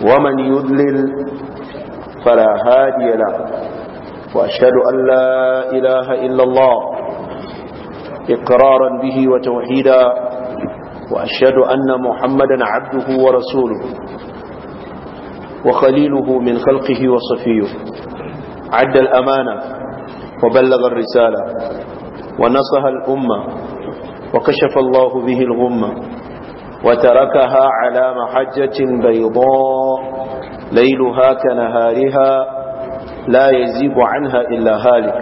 ومن يدلل فلا هادي له وأشهد أن لا إله إلا الله إقرارا به وتوحيدا وأشهد أن محمدا عبده ورسوله وخليله من خلقه وصفيه عد الأمانة وبلغ الرسالة ونصها الأمة وكشف الله به الغمة وتركها على محجة بيضاء ليلها كنهارها لا يزيب عنها إلا هالك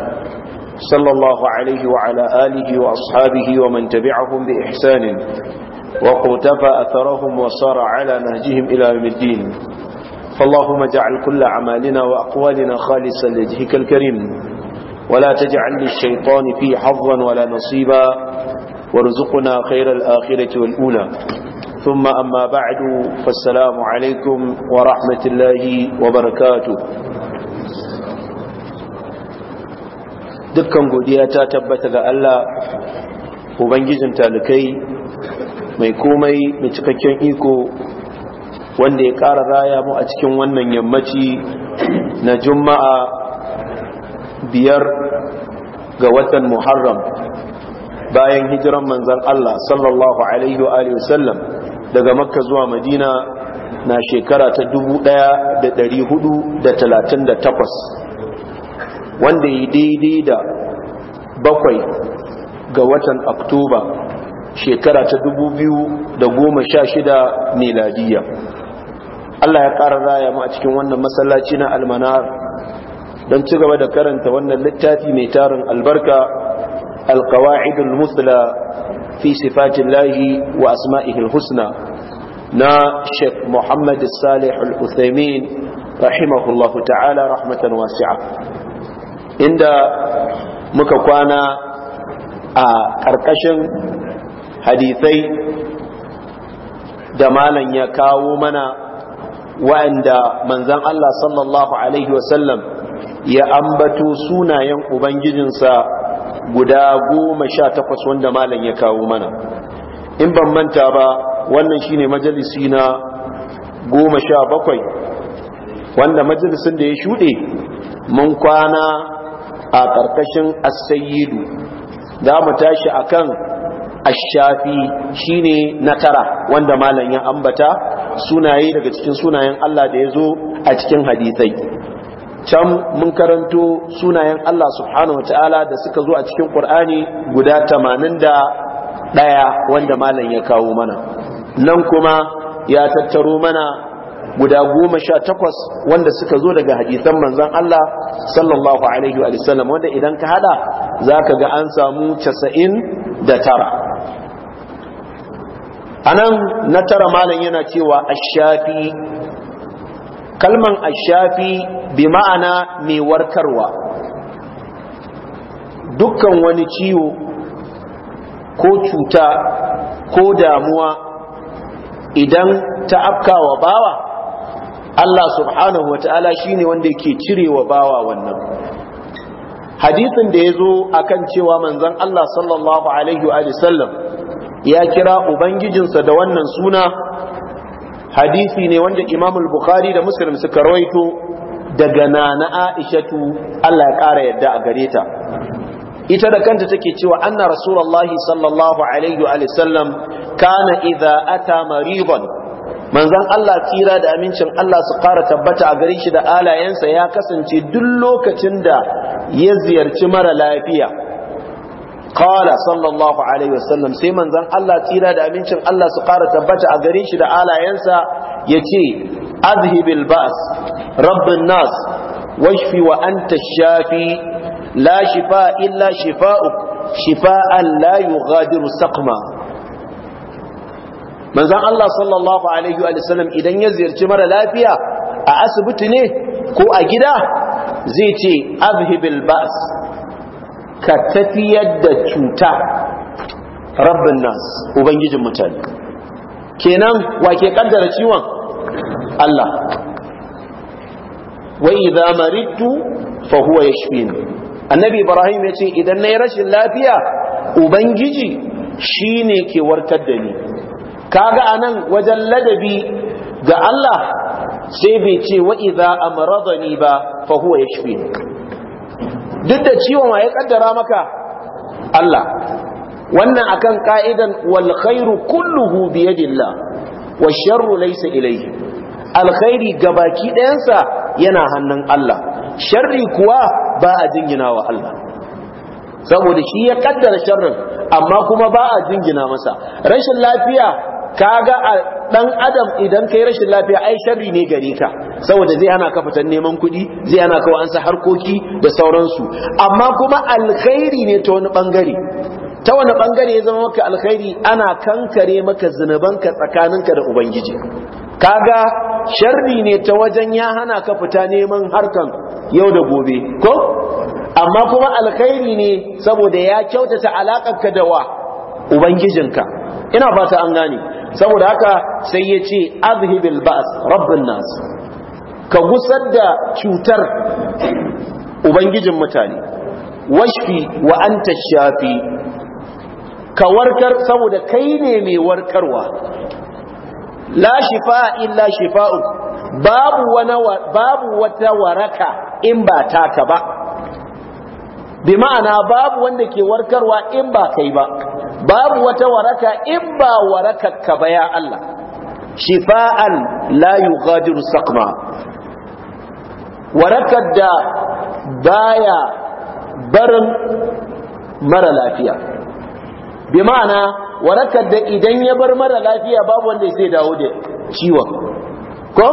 صلى الله عليه وعلى آله وأصحابه ومن تبعهم بإحسان وقتفى أثرهم وصار على نهجهم إلى يوم الدين فاللهم اجعل كل عمالنا وأقوالنا خالصا لجهك الكريم ولا تجعل للشيطان فيه حظا ولا نصيبا وارزقنا خير الآخرة والأولى ثم أما بعد فالسلام عليكم ورحمة الله وبركاته dukkan godiya ta tabbata ga Allah ubangijin talikai mai komai mai cikakken iko wanda ya ƙara raya mu a cikin wannan yammaci na juma'a biyar ga watan muharram bayan hijiran manzan Allah sallallahu alaihi wa sallam daga makka zuwa madina na shekara ta 1438 wanda yi daidai da bakwai ga watan oktoba shekara ta 2016 miladiya Allah ya ƙara raya mu a cikin wannan masallaci na almanar don ci gaba da karanta wannan littafi mai tarin albarka alkawa'idul musula, fi sifatin lahi wa asma'ihil husna na Sheikh Muhammad Salih Al-Uthaymeen rahimahullahu ta'ala rahmatan wasi'a inda muka kwana a ƙarƙashin hadisai da malan ya kawo mana wa'anda manzan Allah sallallahu alaihi wasallam ya ambato sunayen ubangijinsa guda goma sha takwas wanda malam ya kawo mana in ban manta ba wannan shine majalisi na goma sha bakwai wanda majalisin da ya shuɗe mun kwana a ƙarƙashin asayidu za mu tashi a kan ashafi shi ne na tara wanda malam ya ambata sunaye daga cikin sunayen Allah da ya zo a cikin hadisai can mun karanto sunayen Allah subhanahu wa ta'ala da suka zo a cikin ƙur'ani guda tamanin da ɗaya wanda malam ya kawo mana nan kuma ya tattaro mana guda goma sha takwas wanda suka zo daga hadisan Manzon Allah sallallahu alaihi wa sallam wanda idan ka hada za ka ga an samu casa'in da tara a nan na tara malam yana cewa ashafi kalman ashafi bi ma'ana mai warkarwa dukkan wani ciwo ko cuta ko damuwa idan ta wa bawa Allah subhanahu wata'ala shine wanda yake cirewa bawa wannan hadisin da ya zo a kan cewa manzon Allah sallallahu alaihi wa sallam ya kira ubangijinsa da wannan suna hadisi ne wanda Imam al-Bukhari da Muslim suka rawaito daga nana Aishatu Allah ya kara yadda a gare ta ita da kanta take cewa anna rasulullahi sallallahu alaihi wa sallam kana idza ata maridan manzon Allah tsira da amincin Allah su ƙara tabbata a gare shi da alayensa ya kasance duk lokacin da ya ziyarci mara lafiya Kala sallallahu Alaihi wasallam sai manzan Allah tsira da amincin Allah su ƙara tabbata a gare shi da alayensa ya ce, Azhibil bas. rabbin nas, washfi wa anta shafi, la shifa illa shifa'uk, shifa'an la yughadiru saqma. manzon Allah sallallahu alaihi wa idan ya ziyarci mara lafiya a asibiti ne ko a gida zai ce azhibil ba's ka tafiyar da cuta rabbin nas ubangijin mutane kenan wa ke kaddara ciwon Allah wa idza maridtu fa huwa yashfini annabi ibrahim yace idan nayi rashin lafiya ubangiji shine ke warkar da ni kaga anan wajen ladabi ga Allah sai bai ce waiza a amradani ba fa huwa yashfi duk da ciwon ya kaddara maka Allah wannan akan ka'idan walkhairu kulluhu bi yadillah wash sharru laysa ilayhi alkhairi gabaki ɗayansa yana hannun Allah sharri kuwa ba a jingina wa Allah saboda shi ya kaddara sharrin amma kuma ba a jingina masa rashin lafiya kaga dan adam idan kai rashin lafiya ai sharri ne gare ka saboda zai hana ka fitan neman kuɗi zai hana ka wa'ansa harkoki da sauransu amma kuma alkhairi ne ta wani bangare ta wani bangare ya zama maka alkhairi ana kankare maka zinabanka tsakaninka da ubangiji kaga sharri ne ta wajen ya hana ka fita neman harkan yau da gobe ko amma kuma alkhairi ne saboda ya kyautata alakarka da wa ubangijinka ina fata an gane saboda haka sai ya ce azhibil ba'as rabbin nas ka gusar da cutar ubangijin mutane washfi wa anta shafi ka warkar saboda kai ne mai warkarwa la shifa illa shifa'u babu wani babu wata waraka in ba taka ba bi ma'ana babu wanda ke warkarwa in ba kai ba babu wata waraka in ba warakakka ba ya Allah shifa'an la yughadiru saqma warakar da baya barin mara lafiya bi ma'ana warakar da idan ya bar mara lafiya babu wanda zai dawo da ciwon ko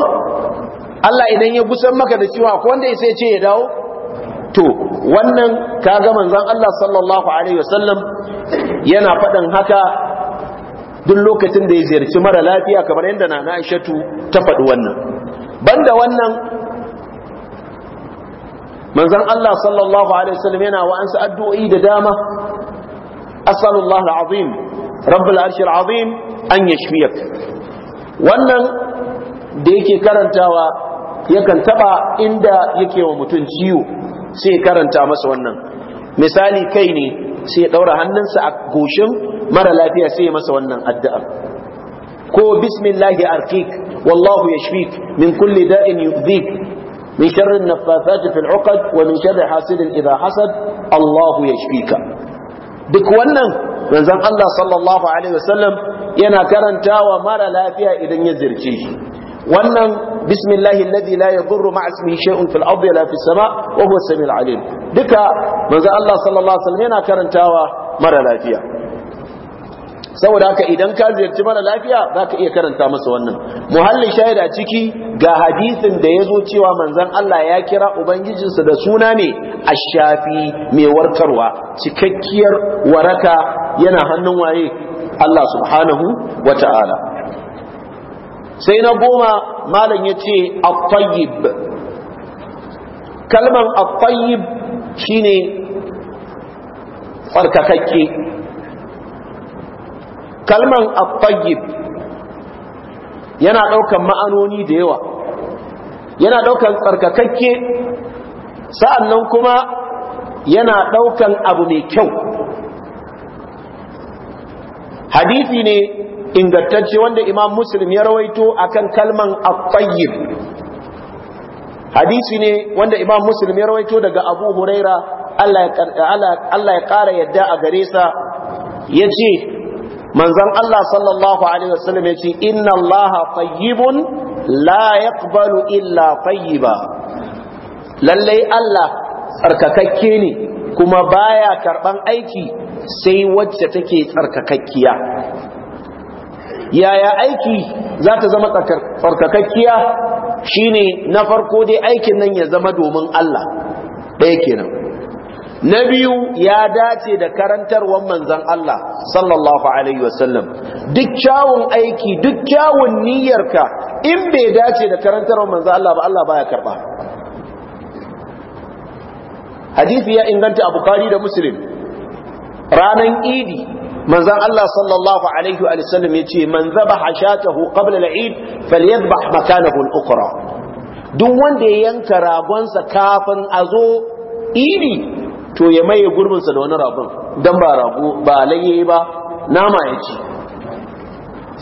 Allah idan ya gusan maka da ciwon ko wanda sai ce ya dawo to wannan kaga manzon Allah sallallahu alaihi wasallam yana faɗin haka duk lokacin da ya ziyarci mara lafiya kamar yadda na Aishatu ta faɗi wannan banda wannan manzon Allah sallallahu alaihi wasallam yana wa'ansu addu'o'i da dama asallallahu alazim rabbul arshil azim an yashfiyak wannan da yake karantawa yakan taba inda yake wa mutum ciwo sai karanta masa wannan misali kai ne sai ya daura hannunsa a goshin mara lafiya sai ya masa wannan addu'a ko bismillahi arqik wallahu yashfik min kulli da'in yu'dhik min sharri an-naffathati fil 'uqad wa min sharri hasidin idha hasad Allahu yashfika duk wannan manzon Allah sallallahu alaihi wasallam yana karantawa mara lafiya idan ya zirce shi wannan bismillahi alladhi la yadurru ma'a ismihi shay'un fil ardi la fis sama wa huwa samiul alim duka manzo Allah sallallahu alaihi wasallam yana karantawa mara lafiya saboda haka idan ka ziyarci mara lafiya zaka iya karanta masa wannan muhallin shaida ciki ga hadisin da ya zo cewa manzon Allah ya kira ubangijinsa da suna ne shafi mai warkarwa cikakkiyar waraka yana hannun waye Allah subhanahu wa ta'ala sai na goma malam ya ce akwayib kalman akwayib ne farkakakke kalmar akwayib yana ɗaukan ma'anoni da yawa yana ɗaukan tsarkakakke sa'annan kuma yana ɗaukan abu mai kyau hadithi ne ingantacce wanda imam muslim ya rawaito akan kalman at hadisi ne wanda imam muslim ya rawaito daga abu huraira Allah ya ƙara yadda a gare sa ya ce manzan Allah sallallahu alaihi wasallam ya ce inna Allah tayyibun la yaqbalu illa tayyiba lallai Allah tsarkakakke ne kuma baya karban aiki sai wacce take tsarkakakkiya yaya aiki za ta zama tsarkakakkiya ne na farko dai aikin nan ya zama domin Allah ɗaya kenan na biyu ya dace da karantarwar manzan Allah sallallahu alaihi wasallam duk kyawun aiki duk kyawun niyyarka in bai dace da karantarwar manzan Allah ba Allah baya karɓa. Hadithi ya inganta a da musulun ranan idi manzon Allah sallallahu alaihi wa sallam yace man zabaha shatahu qabla al-eid falyadhbah makanahu al-ukhra duk wanda ya yanka ragonsa kafin a zo idi to ya maye gurbinsa da wani ragon dan ba rago ba laye ba nama ya ci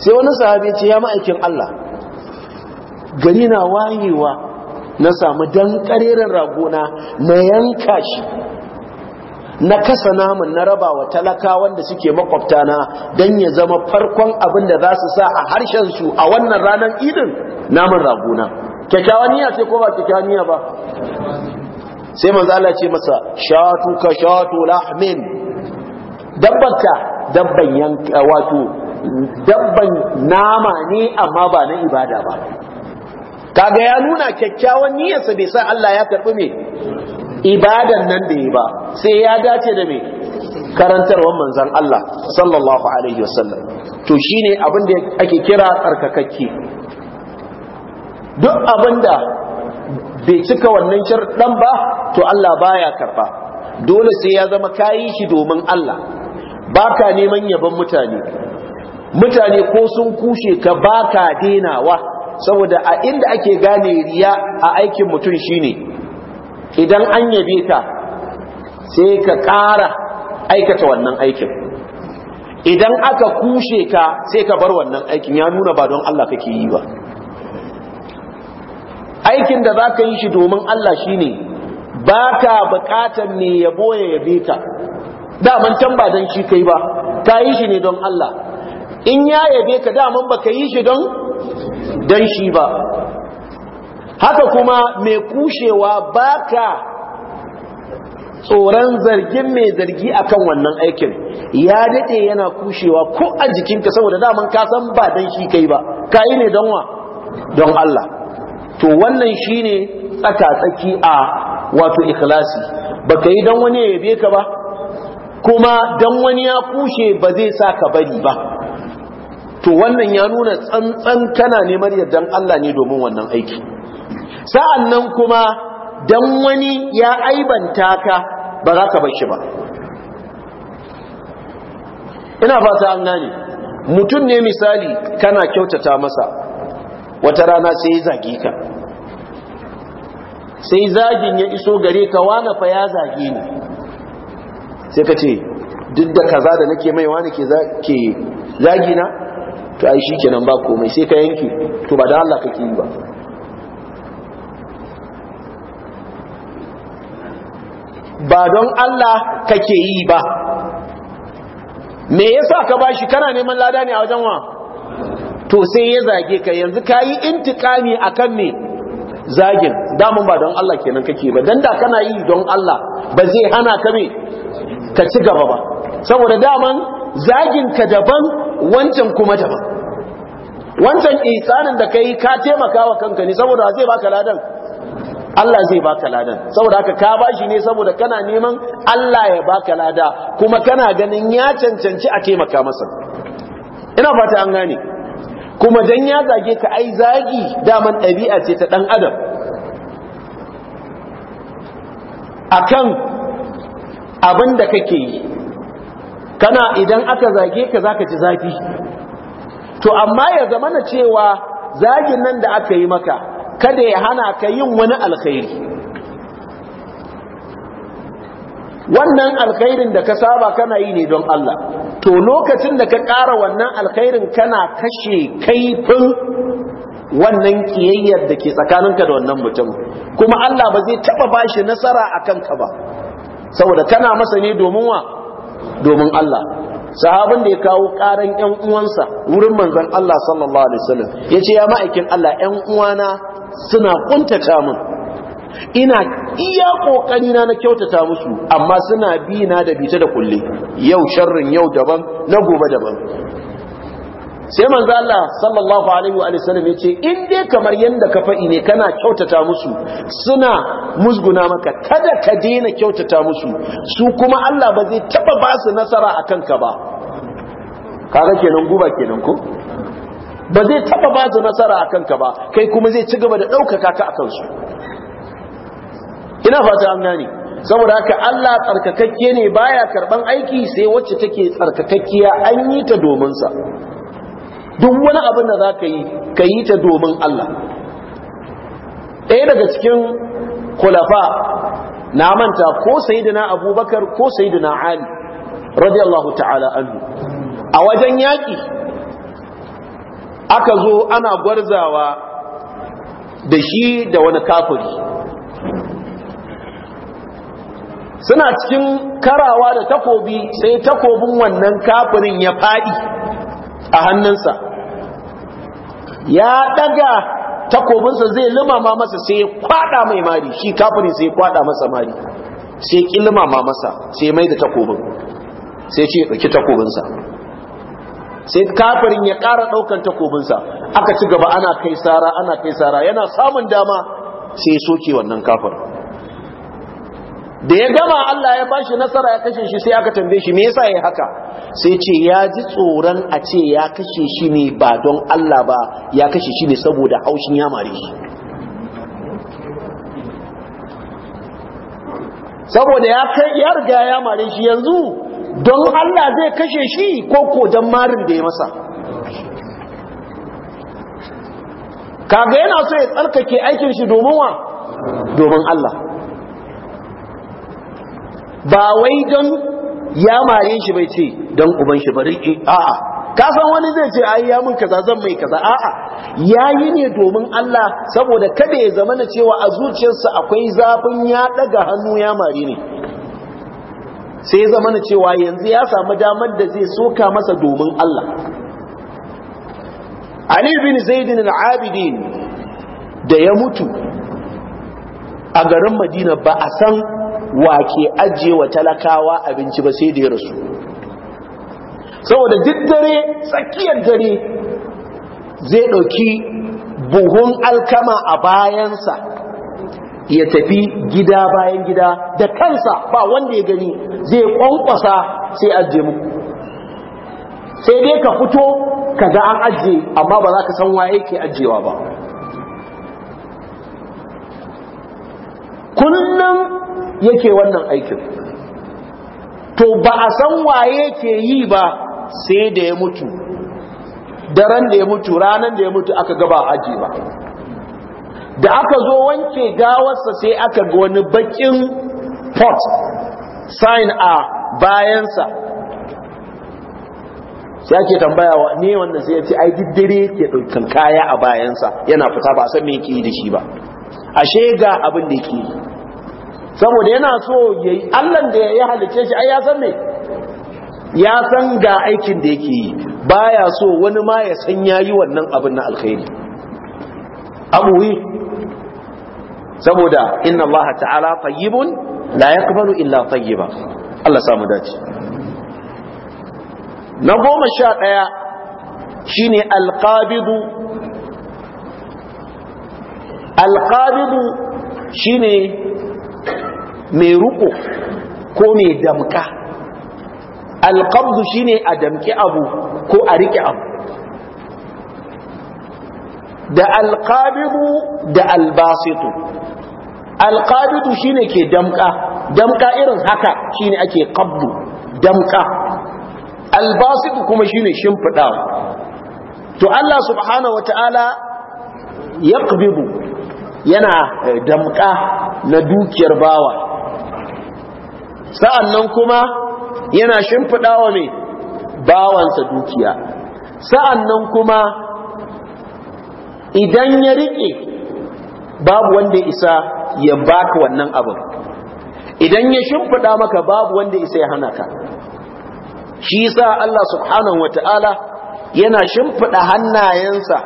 sai wani sahabi ce ya ma'aikin Allah gari na wayewa na samu dan kareren ragona na yanka shi na kasa namun na raba wa talaka wanda suke makwabta na don ya zama farkon abin da za su sa a harshen su a wannan ranar idin namun raguna kyakkyawan niyya ce ko ba kyakkyawan niyya ba sai manzo Allah ce masa shatu ka shatu lahmin dabbanka dabban yanka wato dabban nama ne amma ba na ibada ba kaga ya nuna kyakkyawan niyyarsa bai sa Allah ya karbi me ibadan nan da yi ba sai ya dace da mai karantarwar manzan Allah sallallahu alaihi wasallam to shi abin da ake kira tsarkakakke duk abinda bai cika wannan sharɗan ba to Allah baya karɓa dole sai ya zama kayi shi domin Allah Ba ka neman yaban mutane mutane ko sun kushe ka ba baka denawa saboda a inda ake gane riya a aikin mutum shine idan an yabe ta sai ka ƙara aikata wannan aikin idan aka kushe ka sai ka bar wannan aikin ya nuna ba don Allah kake yi ba aikin da za ka yi shi domin Allah shi ne ba ka bukatar ne boye ya yabe ka daman can ba don shi kai ba ka yi shi ne don Allah in ya yabe ka daman ba ka yi shi don don shi ba haka kuma mai kushewa baka tsoron zargin mai zargi akan wannan aikin ya daɗe yana kushewa ko a jikinka saboda daman kasan ba dan shi kai ba ka yi ne don wa don Allah to wannan shine tsaka-tsaki a wato ikhlasi ka yi don wani ya yabe ka ba kuma don wani ya kushe ba zai sa ka bari ba to wannan ya nuna tsantsan kana neman yardan Allah ne domin wannan aiki sa'an nan kuma don wani ya aibanta ka ba za ka bashi ba ina fata an gane mutum ne misali kana kyautata masa wata rana sai ya zage ka sai zagin ya iso gare ka wane fa ya zage ni sai ka ce duk da kaza da nake mai wane ke zagi na to ai kenan ba komai sai ka yanke to ba da Allah kake yi ba ba don Allah kake yi ba me yasa ka ba shi kana neman lada ne a wajen wa to sai ya zage ka yanzu ka yi intikami akan me zagin damun ba don Allah kenan kake ba dan da kana yi don Allah ba zai hana ka me ka ci gaba ba saboda daman zagin ka daban wancan kuma daban wancan isanin da kai ka taimaka wa kanka ne saboda zai baka ladan Allah zai baka ladan saboda haka ka bashi ne saboda kana neman Allah ya baka lada kuma kana ganin ya cancanci a taimaka masa ina fata an gane kuma dan ya zage ka ai zagi daman ɗabi'a ce ta ɗan adam akan abin da kake yi kana idan aka zage ka zaka ji zafi to amma ya zama na cewa zagin nan da aka yi maka kada ya hana ka yin wani alkhairi wannan alkhairin da ka saba kana yi ne don Allah to lokacin da ka ƙara wannan alkhairin kana kashe kaifin wannan kiyayyar da ke tsakaninka da wannan mutum kuma Allah ba zai taɓa bashi nasara a kanka ba saboda kana masa ne domin wa domin Allah sahabin da ya kawo karan yan uwansa wurin manzon Allah sallallahu alaihi wasallam yace ya ma'aikin Allah yan uwana suna kuntata min ina iya kokari na na kyautata musu amma suna bi na da bita da kulle yau sharrin yau daban na gobe daban sai manzo Allah sallallahu alaihi wa sallam yace in dai kamar yanda ka faɗi ne kana kyautata musu suna musguna maka kada ka daina kyautata musu su kuma Allah ba zai taba ba su nasara akan ka ba kaga kenan guba kenan ko ba zai taba ba su nasara a kanka ba kai kuma zai ci gaba da ɗaukaka ka a kansu ina fata an gani saboda haka Allah tsarkakakke ne baya karban aiki sai wacce take tsarkakakkiya an yi ta domin sa duk wani abin da za ka yi ka yi ta domin Allah ɗaya daga cikin kulafa na manta ko sayyidina abubakar ko sayyidina ali radiyallahu ta'ala anhu a wajen yaƙi aka zo ana gwarzawa da shi da wani kafiri suna cikin karawa da takobi sai takobin wannan kafirin ya faɗi a hannunsa ya ɗaga takobinsa zai limama masa sai kwada mai mari shi kafirin sai kwada masa mari sai ki limama masa sai mai da takobin sai ce ɗauki takobinsa sai kafirin ya ƙara ɗaukan takobinsa aka ci gaba ana kai sara ana kai sara yana samun dama sai ya soke wannan kafir da ya gama Allah ya bashi nasara ya kashe shi sai aka tambaye shi me yasa ya haka sai ce ya ji tsoron a ce ya kashe shi ne ba don Allah ba ya kashe shi ne saboda haushin ya mare shi saboda ya riga ya mare shi yanzu don Allah zai kashe shi ko ko don marin da ya masa kaga yana so ya tsarkake aikin shi domin wa domin Allah ba wai don ya mare shi bai ce don uban shi bari eh, a'a ka san wani zai ce ai ya mun kaza zan mai kaza a'a yayi ne domin Allah saboda kada ya zama na cewa a zuciyarsa akwai zafin ya daga hannu ya mare ne sai ya zama cewa yanzu ya samu damar da zai soka masa domin Allah Ali bin Zaidin al-Abidin da ya mutu a garin Madina ba a san wake ajiye wa talakawa abinci ba sai da ya rasu saboda duk dare tsakiyar dare zai ɗauki buhun alkama a bayansa ya tafi gida bayan gida da kansa ba wanda ya gani zai kwankwasa sai ajiye muku sai dai ka fito ka ga an ajiye amma ba za ka san waye ke ajiyewa ba kullum yake wannan aikin to ba a san waye ke yi ba sai da ya mutu daren da ya mutu ranar da ya mutu aka gaba aji ba da aka zo wanke gawarsa sai aka ga wani bakin pot sign a bayansa sai ake tambaya wa ne wanda sai ya ce ai diddire ke ɗaukan kaya a bayansa yana fita ba san me yake yi da shi ba ashe ga abin da yake yi saboda yana so yayi Allah da ya halice shi ai ya san me ya san ga aikin da yake yi baya so wani ma ya san yayi wannan abin na alkhairi abu saboda inna Allaha ta'ala tayyibun la yaqbalu illa tayyiba Allah samu dace na goma sha ɗaya shine alqabidu alqabidu shine mai ruko ko mai damka alqabdu shine a damki abu ko a rike abu da alqabidu da albasitu alqabidu shine ke damƙa, damƙa irin haka shine ake qabdu damka albasitu kuma shine shimfidawa to Allah subhanahu wataala yaqbidu yana eh, damƙa na dukiyar bawa sa'annan kuma yana shimfidawa mai bawansa dukiya sa'annan kuma idan ya riƙe babu wanda isa ya baka wannan abin idan ya shimfiɗa maka babu wanda isa ya hana ka shi yasa Allah subhanahu wata'ala yana shimfiɗa hannayensa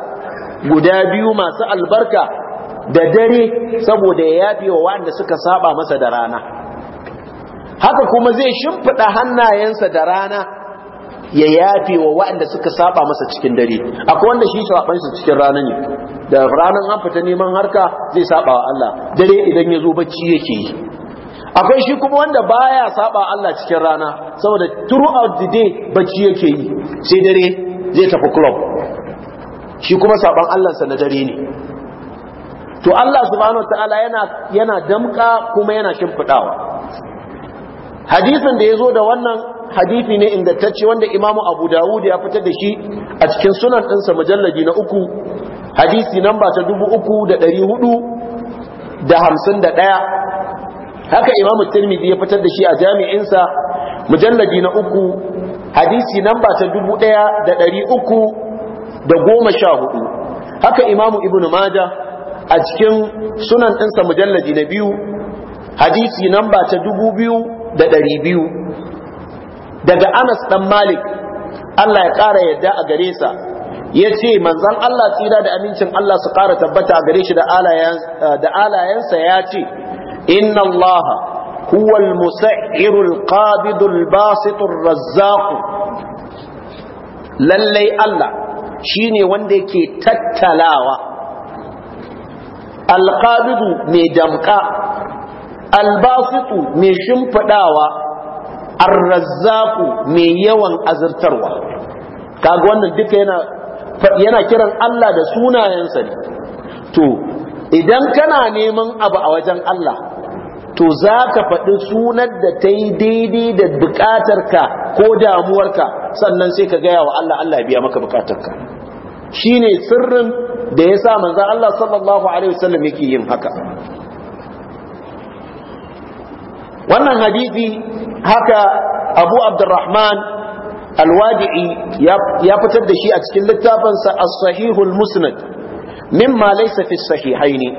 guda biyu masu albarka da dare saboda ya yafe wa waɗanda suka saba masa da rana haka kuma zai shimfiɗa hannayensa da rana ya yafe wa waɗanda suka saba masa cikin dare akwai wanda shi saban shi cikin rana ne da ranar an fita neman harka zai saba wa Allah dare idan ya zo bacci yake yi akwai shi kuma wanda baya saba Allah cikin rana saboda throughout the day bacci yake yi sai dare zai tafi club shi kuma saban Allah sa na dare ne to Allah subhanahu wataala yana yana damka kuma yana shimfidawa hadisin da ya zo da wannan hadisi ne ingantacce wanda imamu abu dawud ya fitar da shi a cikin sunan ɗinsa mujalladi na uku hadisi namba ta dubu uku da ɗari hudu da hamsin da ɗaya haka imamu tirmidhi ya fitar da shi a jami'insa mujalladi na uku hadisi namba ta dubu ɗaya da ɗari uku da goma sha hudu haka imamu Ibn maja a cikin sunan ɗinsa mujalladi na biyu hadisi namba ta dubu biyu da ɗari biyu daga Anas dan Malik Allah ya ƙara yadda a gare sa yace manzon Allah tsira da amincin Allah su ƙara tabbata a gare shi da alayan da ce. yace inna Allah huwa al-musa'ir al-qabid al-basit razzaq lallai Allah shine wanda yake tattalawa al-qabid mai damka al-basit mai shimfidawa arrazzaku mai yawan azurtarwa kaga wannan duka yana yana kiran Allah da sunayensa ne to idan kana neman abu a wajen Allah to za ka faɗi sunan da ta yi daidai da buƙatarka ko damuwarka sannan sai ka gaya wa Allah Allah ya biya maka buƙatarka shi ne sirrin da ya sa manzan Allah sallallahu Alaihi wasallam yake yin haka wannan hadisi. haka abu abdurrahman alwadi'i ya fitar da shi a cikin littafinsa as-sahihul musnad mimma laysa fi sahihaini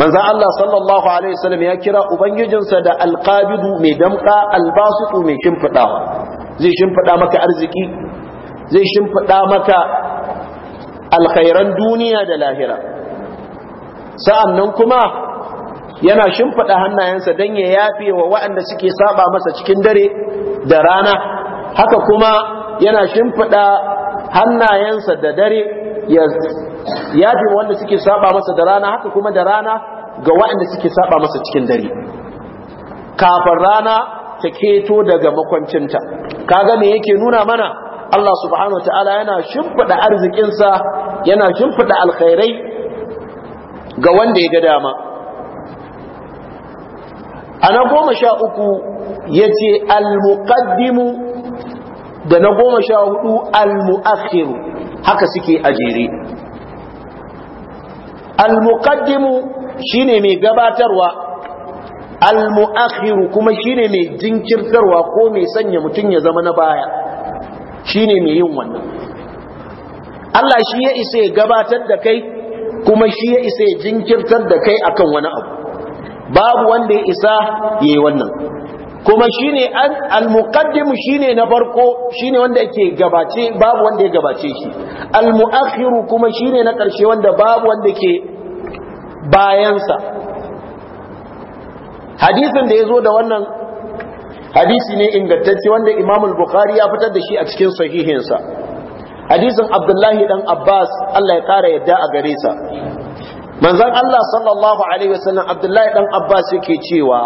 manzon Allah sallallahu alaihi wasallam ya kira ubangijinsa da alqabidu mai damka albasitu mai shimfidawa zai shimfida maka arziki zai shimfida maka alkhairan duniya da lahira sa'annan kuma yana shimfiɗa hannayensa don ya yafe wa waɗanda suke saba masa cikin dare da rana haka kuma yana shimfada hannayensa da dare ya yafe wa waɗanda suke saba masa da rana haka kuma da rana ga waɗanda suke saba masa cikin dare kafin rana ta keto daga makwancinta kaga me yake nuna mana Allah subhanahu wa ta'ala yana shimfiɗa arzikinsa yana shimfiɗa alkhairai ga wanda ya ga dama a na goma sha uku ya ce almuqaddimu da na goma sha hudu almuakhiru haka suke a jere almuqaddimu shine mai gabatarwa almuakhiru kuma shine mai jinkirtarwa ko mai sanya mutum ya zama na baya shine mai yin wannan Allah shi ya isa ya gabatar da kai kuma shi ya isa ya jinkirtar da kai akan wani abu babu wanda ya isa yayi wannan kuma shine al-muqaddim shine na farko shine wanda yake gabace babu wanda ya gabace shi al-mu'akhir kuma shine na karshe wanda babu wanda ke bayansa hadisin da yazo da wannan hadisi ne ingantacce wanda Imam al-Bukhari ya fitar da shi a cikin sahihinsa hadisin Abdullahi dan Abbas Allah ya kara yadda a gare sa manzon Allah sallallahu alaihi wasallam Abdullahi dan Abbas yake cewa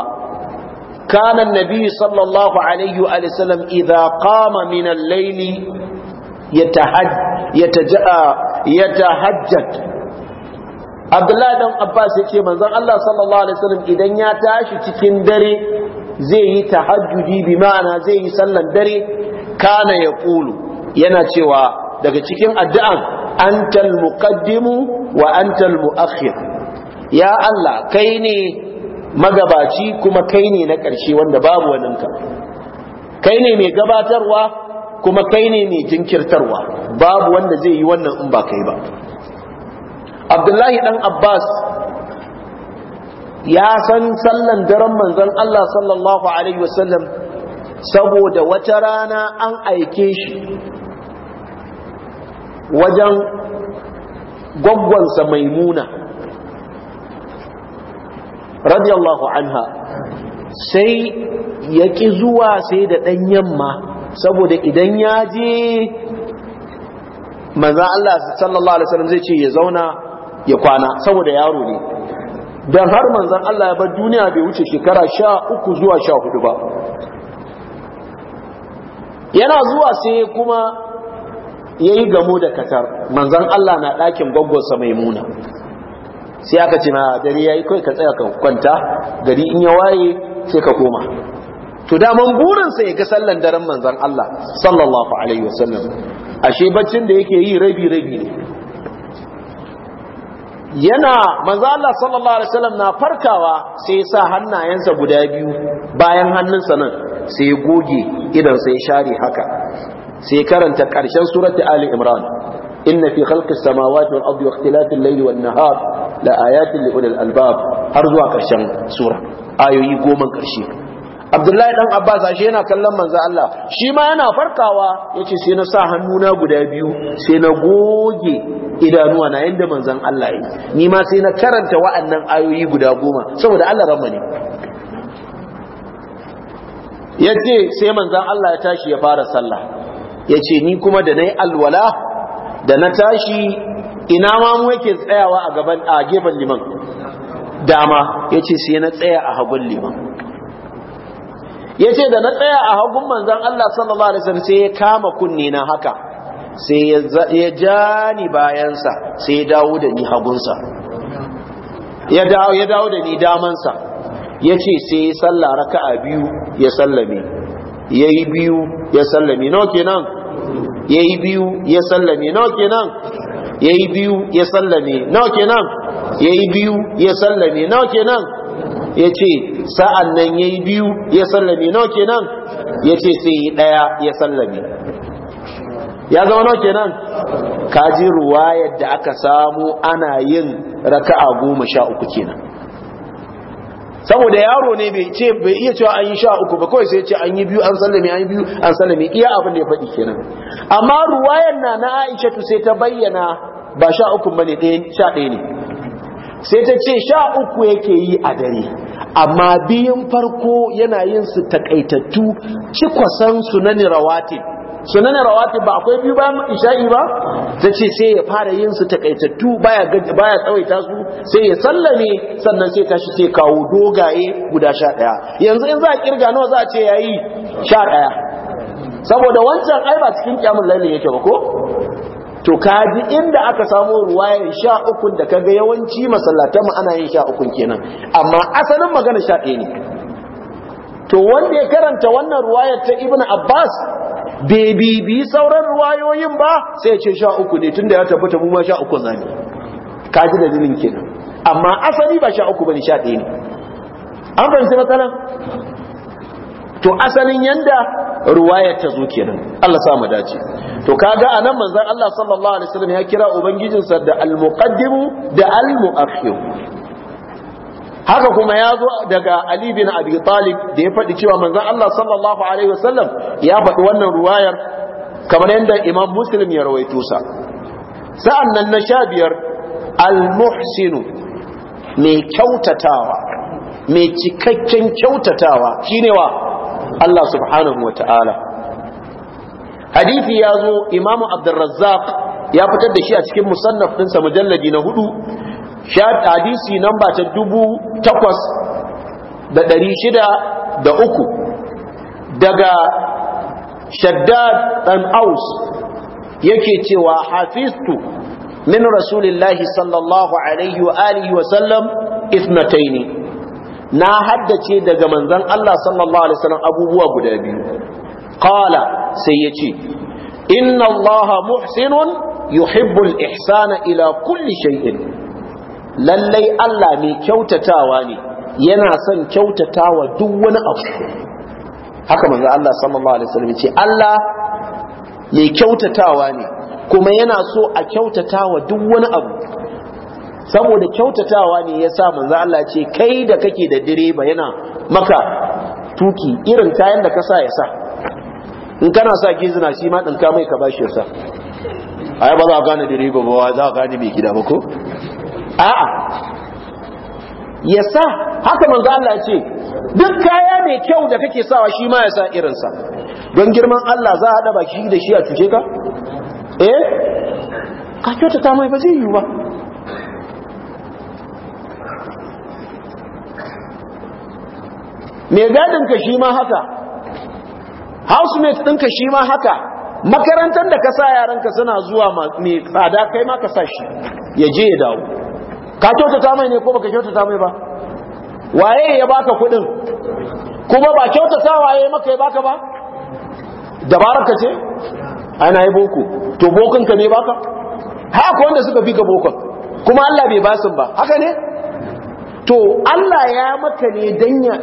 كان النبي Sallallahu alaihi عليه وآله وسلم إذا قام ya الليل يتحج يتج... يتهجد عبد الله بن عباس yake manzon Allah sallallahu alaihi wasallam idan ya tashi cikin dare zai yi tahajjudi bi ma'ana zai yi sallan dare kana ya kulu yana cewa daga cikin addu'an antal muqaddimu wa antal muakhir ya Allah kai ne magabaci kuma kai ne na ƙarshe wanda babu waninka kai ne mai gabatarwa kuma kai ne mai jinkirtarwa babu wanda zai yi wannan in ba kai ba abdullahi dan abbas ya san sallan daren manzon Allah sallallahu alaihi wasallam saboda wata rana an aike shi wajen gwaggwansa maimuna radiyallahu anha sai ya ƙi zuwa sai da ɗan yamma saboda idan ya je manzan Allah sallallahu Alaihi wasallam zai ce ya zauna ya kwana saboda yaro ne don har manzan Allah ya bar duniya bai wuce shekara sha uku zuwa sha hudu ba yana zuwa sai kuma ya yi gamo da katar manzan Allah na ɗakin gwaggonsa mai muna sai aka ce ma gari ya yi ka tsaya ka kwanta gari in ya waye sai ka koma to daman burinsa ya ga sallan daren manzan Allah sallallahu alaihi wasallam ashe baccin da yake yi rabi rabi ne yana manzan Allah sallallahu alaihi wasallam na farkawa sai ya sa hannayensa guda biyu bayan hannunsa nan sai ya goge idan sai ya share haka sai karanta ƙarshen surati ali imran inna fi khalqis samawati wal ardi ikhtilafil layli wan nahar la ayatin li ulil albab har zuwa ƙarshen sura ayoyi goma ƙarshe Abdullahi dan Abbas ashe yana kallon manzo Allah shi ma yana farkawa yace sai na sa hannuna guda biyu sai na goge idanuwa na yanda manzon Allah yi ni ma sai na karanta wa'annan ayoyi guda goma saboda Allah ramani. ne yace sai manzon Allah ya tashi ya fara sallah ya ce ni kuma da na yi alwala da na tashi ina ma mu yake tsayawa a gaban a gefen liman dama ya ce sai na tsaya a hagun liman ya ce da na tsaya a hagun manzan Allah sallallahu alaihi wasallam sai ya kama kunne na haka sai ya ja ni bayansa sai ya dawo da ni hagunsa ya dawo da ni damansa ya ce sai ya salla raka'a biyu ya sallame ya yi biyu ya sallame nawa kenan ya yi biyu ya sallame nawa kenan ya yi biyu ya sallame nawa kenan ya yi biyu ya sallame nawa kenan ya ce sa'an nan ya yi biyu ya sallame nawa kenan ya ce sai yi ɗaya ya sallame ya zama nawa kenan kaji ruwa yadda aka samu ana yin raka'a goma sha uku kenan saboda yaro ne bai ce bai iya cewa an yi sha uku ba kawai sai ce an yi biyu an sallame an yi biyu an sallame iya abin da ya faɗi kenan amma ruwayan na na Aisha tu sai ta bayyana ba sha uku bane ɗaya sha ɗaya ne sai ta ce sha uku yake yi a dare amma biyun farko yana yin su takaitattu cikwasan su na nirawatin sunan rawati ba akwai biyu bayan isha'i ba ta ce sai ya fara yin su takaitattu baya ya tsawaita su sai ya sallame sannan sai tashi sai kawo dogaye guda sha ɗaya yanzu in za a kirga nawa za a ce yayi sha ɗaya saboda wancan ai ba cikin kyamun lalle yake ba ko to kaji inda aka samu ruwayar sha ukun da kaga yawanci masallatanmu ana yin sha ukun kenan amma asalin magana sha ɗaya ne to wanda ya karanta wannan ruwayar ta ibnu abbas bebi bibi sauran ruwayoyin ba sai ya ce sha uku ne tunda ya tabbata mu ma sha uku zami kaji da dalilin kenan amma asali ba sha uku bane sha ɗaya ne an fahimci matsalan to asalin yanda ruwaya ta zo kenan Allah sa mu dace to kaga anan manzon Allah sallallahu alaihi wasallam ya kira ubangijinsa da al-muqaddimu da al-mu'akhir haka kuma ya zo daga Ali bin Abi Talib da ya faɗi cewa manzon Allah sallallahu alaihi wasallam ya faɗi wannan ruwayar kamar yadda Imam Muslim ya rawaito sa sa'an nan na sha biyar al-muhsinu mai kyautatawa mai cikakken kyautatawa shine wa Allah subhanahu wa ta'ala hadithi ya zo Imam Abdurrazzaq ya fitar da shi a cikin musannaf ɗinsa mujalladi na hudu hadisi namba ta dubu takwas da ɗari shida da uku daga shaddad ɗan aus yake cewa hafistu min rasulillahi sallallahu alaihi wa alihi wa sallam isnataini na haddace daga manzon Allah sallallahu alaihi wasallam abubuwa guda biyu qala sai yace inna allaha muhsinun yuhibbul ihsana ila kulli shay'in lallai Allah mai kyautatawa ne yana son kyautatawa duk wani abu haka manzo Allah sallallahu alaihi wasallam ce Allah mai kyautatawa ne kuma yana so a kyautatawa duk wani abu saboda kyautatawa ne ya sa manzo Allah ce kai da kake da direba yana maka tuki irin kayan da ka sa ya sa in kana sa gizina shi ma ɗinka mai ka bashi ya sa ai ba za a gane direba ba za a gane mai gida ba ko a'a ya sa haka manzo Allah ya ce duk kaya mai kyau da kake sawa shi ma ya sa irinsa don girman Allah za a haɗa baki da shi a cuce ka eh ka kyautata mai ba zai yiwu ba mai ka shi ma haka housemate ka shi ma haka makarantar da ka sa ka suna zuwa mai tsada kai ma ka sa shi ya je ya dawo ka kyautata mai ne ko baka kyautata mai ba waye ya baka kudin kuma ba kyautata waye maka ya baka ba dabarar ka ce ana yi boko to bokon ka ne baka haka wanda suka fi ka bokon kuma Allah bai basu ba haka ne to Allah ya maka ne dan ya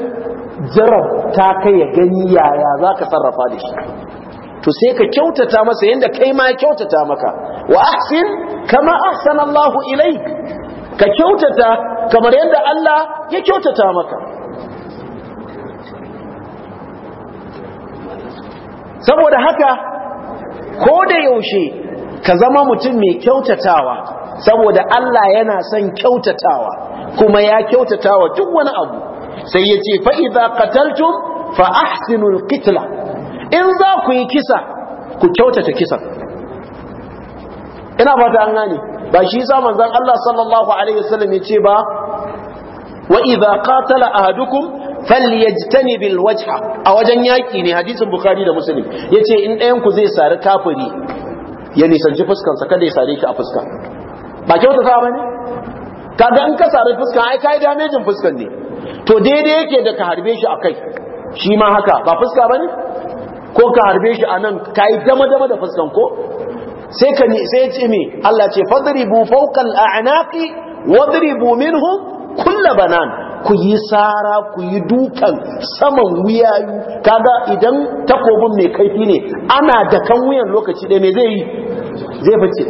ta kai ya gani yaya zaka sarrafa da shi to sai ka kyautata masa yadda kai ma ya kyautata maka wa ahsin kama ahsana Allahu ilaik ka kyautata kamar yadda Allah ya kyautata maka saboda haka ko da yaushe ka zama mutum mai kyautatawa saboda Allah yana son kyautatawa kuma ya kyautatawa duk wani abu sai ya ce fa'iza qataltum fa ahsinul in za ku yi kisa ku kyautata kisan ina fata an gane ba shi yasa manzon Allah sallallahu alaihi wasallam yace ba wa idza qatala ahadukum falyajtanib alwajha a wajen yaki ne hadisin bukhari da muslim yace in ɗayan ku zai sari kafiri ya nisanci fuskansa kada ya sare ki a fuska ba kyauta sa bane kaga in ka sare fuskan ai kai damejin fuskan ne to daidai yake da ka harbe shi akai shi ma haka ba fuska bane ko ka harbe shi anan kai dama dama da fuskan ko sai ka sai ce me Allah ce fadribu fawqa al'anaqi wadribu minhum kull banan ku yi sara ku yi dukan saman wuyayu kaga idan takobin mai kaifi ne ana da kan wuyan lokaci ɗaya me zai yi zai bace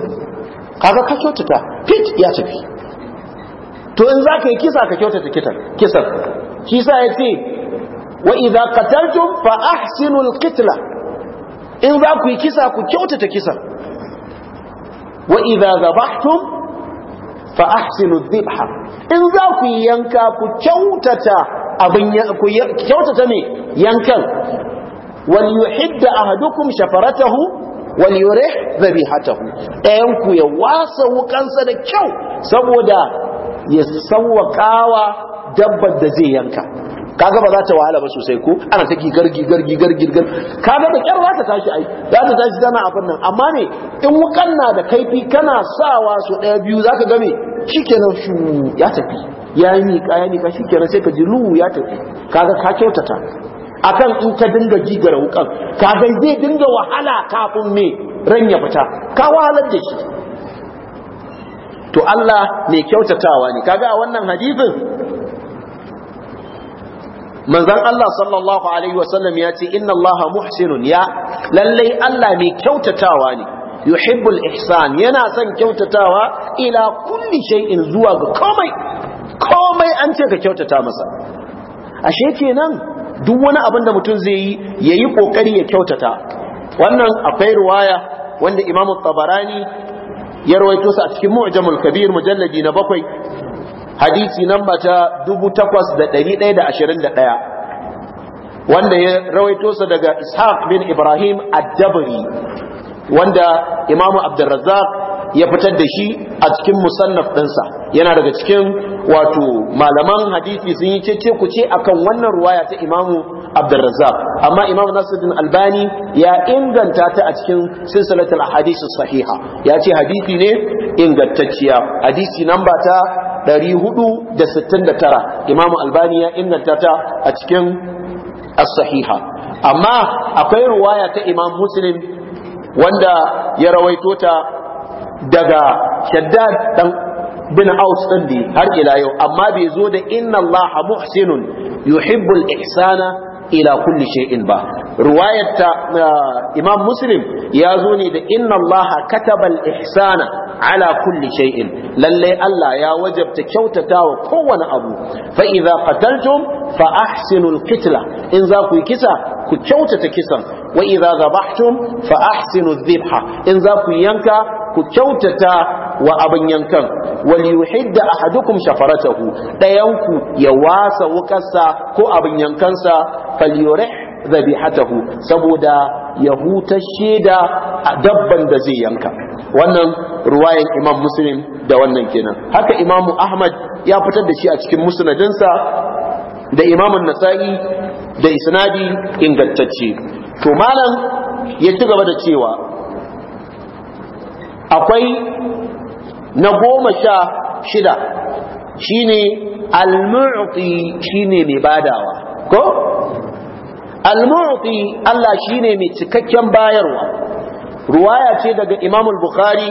kaga ka kyautata fit ya tafi to in zaka yi kisa ka kyautata kitan kisan kisa yace wa idza qataltum fa ahsinul qitla in za ku yi kisa ku kyautata kisan wa idza zabahtum fa ahsinu dhibha in za ku yanka ku kyautata abin ku kyautata ne yankan wal ahadukum shafaratahu wal yurih dhabihatahu ɗayan ku ya wasa wukansa da kyau saboda ya sawwakawa dabba da zai yanka kaga ba za ta wahala ba sosai ko ana ta gigar gigar gigar gigar kaga da kyar za ta tashi ai za ta tashi tana a fannin amma ne in wukan na da kaifi kana sawa su ɗaya biyu za ka gami shikenan shi ya tafi ya yi miƙa ya miƙa shikenan sai ka ji lu ya tafi kaga ka kyautata akan in ka dinga gigara wukan kaga zai dinga wahala kafin me ran ya fita ka wahalar da shi to Allah mai kyautatawa ne kaga a wannan hadisin manzon Allah sallallahu alaihi wasallam ya ce inna Allah muhsinun ya lallai Allah mai kyautatawa ne yuhibbul ihsan yana son kyautatawa ila kulli shay'in zuwa ga komai komai an ce ka kyautata masa ashe kenan duk wani abin da mutum zai yi yayi kokari ya kyautata wannan akwai riwaya wanda Imam Tabarani ya rawaito sa a cikin Mu'jamul Kabir mujalladi na bakwai hadisi namba ta dubu da da ɗari ɗaya ashirin ɗaya. wanda ya rawaito sa daga Ishaq bin Ibrahim ad-Dabri wanda Imam Abdurrazzaq ya fitar da shi a cikin musannaf ɗinsa yana daga cikin wato malaman hadisi sun yi cece ku ce akan wannan ruwaya ta Imam Abdurrazzaq amma Imam Nasiruddin Albani ya inganta ta a cikin silsilatul ahadith sahiha ya ce hadisi ne ingantacciya hadisi namba ta 469 imamu albani ya inganta ta a cikin as-sahiha amma akwai ruwaya ta imam muslim wanda ya rawaito ta daga shaddad dan bin aus din har ila yau amma bai zo da inna allaha muhsinun yuhibbul ihsana ila kulli shay'in ba riwayar ta uh, imam muslim ya zo ne da inna allaha kataba al-ihsana ala kulli shay'in lalle Allah ya wajabta kyautatawa kowane abu fa idza qataltum fa ahsinul qitla in za ku yi kisa ku kyautata kisan wa idza zabahtum fa ahsinu dhibha in za ku yanka ku kyautata wa abin yankan wal yuhidda ahadukum shafaratahu ku ya wasa wukarsa ko abin yankansa falyurih dhabihatahu saboda ya huta sheda a dabban da zai yanka wannan ruwayan imam muslim da wannan kenan haka imamu ahmad ya fitar da shi a cikin musnadinsa da imamun nasa'i da isnadi ingantacce to malam ya ci gaba da cewa akwai na goma sha shida shine al-mu'ti shine mai badawa ko al-mu'ti Allah shine mai cikakken bayarwa ruwaya ce daga Imam bukhari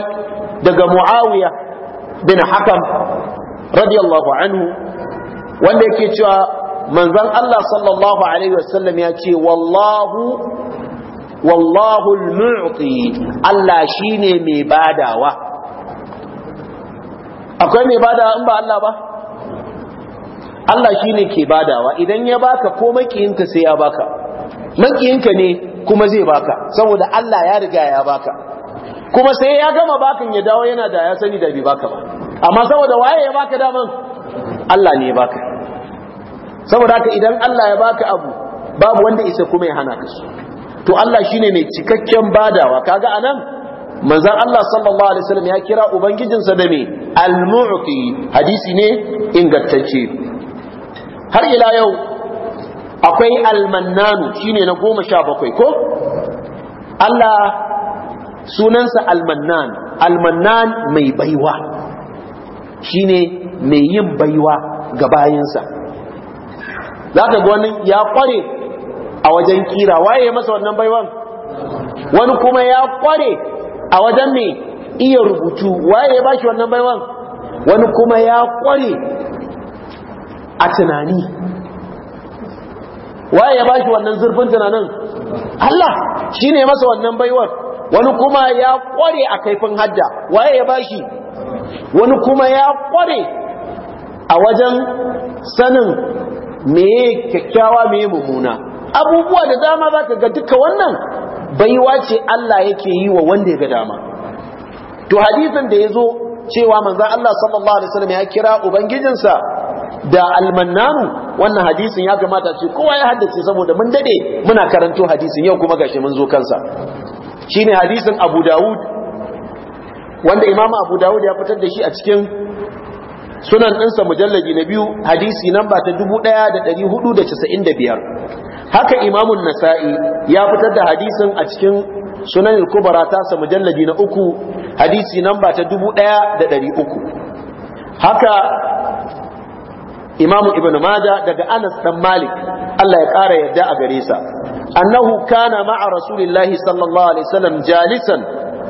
daga Muawiya bin Hakam radiyallahu anhu wanda yake cewa Manzan Allah sallallahu alaihi wasallam ya ce wallahu wallahu al-mu'ti Allah shi ne mai badawa akwai mai badawa in ba Allah ba Allah shi ne ke badawa idan ya baka ko makiyinka sai ya baka makiyinka ne kuma zai baka saboda Allah ya riga ya baka kuma sai ya gama bakin ya dawo yana da ya sani da bi baka ba amma saboda waye ya baka daman Allah ne ya baka saboda haka idan Allah ya baka abu babu wanda isa kuma ya hana ka su to Allah shine mai cikakken badawa kaga anan manzon Allah sallallahu alaihi wasallam ya kira ubangijinsa da me al-mu'ti hadisi ne ingantacce har ila yau akwai al mannan shine na goma sha bakwai ko Allah sunansa al-mannan al-mannan mai baiwa shine mai yin baiwa ga bayinsa za ka wani ya kware a wajen kira waye masa wannan baiwan wani kuma ya kware a wajen mai iya rubutu waye ba shi wannan baiwan wani kuma ya kware a tunani waye ya ba shi wannan zurfin tunanin Allah shi ne masa wannan baiwan. wani kuma ya kware a kaifin hadda waye ya ba shi wani kuma ya kware a wajen sanin Me kyakkyawa me mummuna abubuwa da dama za ka ga duka wannan baiwa ce Allah yake yi wa wanda ya ga dama to hadisin da ya zo cewa manzan Allah sallallahu alaihi wasallam ya kira ubangijinsa da almannanu wannan hadisin ya kamata ce kowa ya haddace saboda mun dade muna karanto hadisin yau kuma gashi mun zo kansa shine hadisin Abu Dawud wanda Imam Abu Dawud ya fitar da shi a cikin sunan ɗinsa mujallaji na biyu hadisi ba ta biyar. haka imamun nasa'i ya fitar da hadisin a cikin sunan al-kubra sa mujallaji na uku hadisi ba ta 1300 haka imamu ibn maja daga anas dan malik Allah ya ƙara yadda a gare sa annahu kana ma'a rasulillahi sallallahu alaihi wasallam jalisan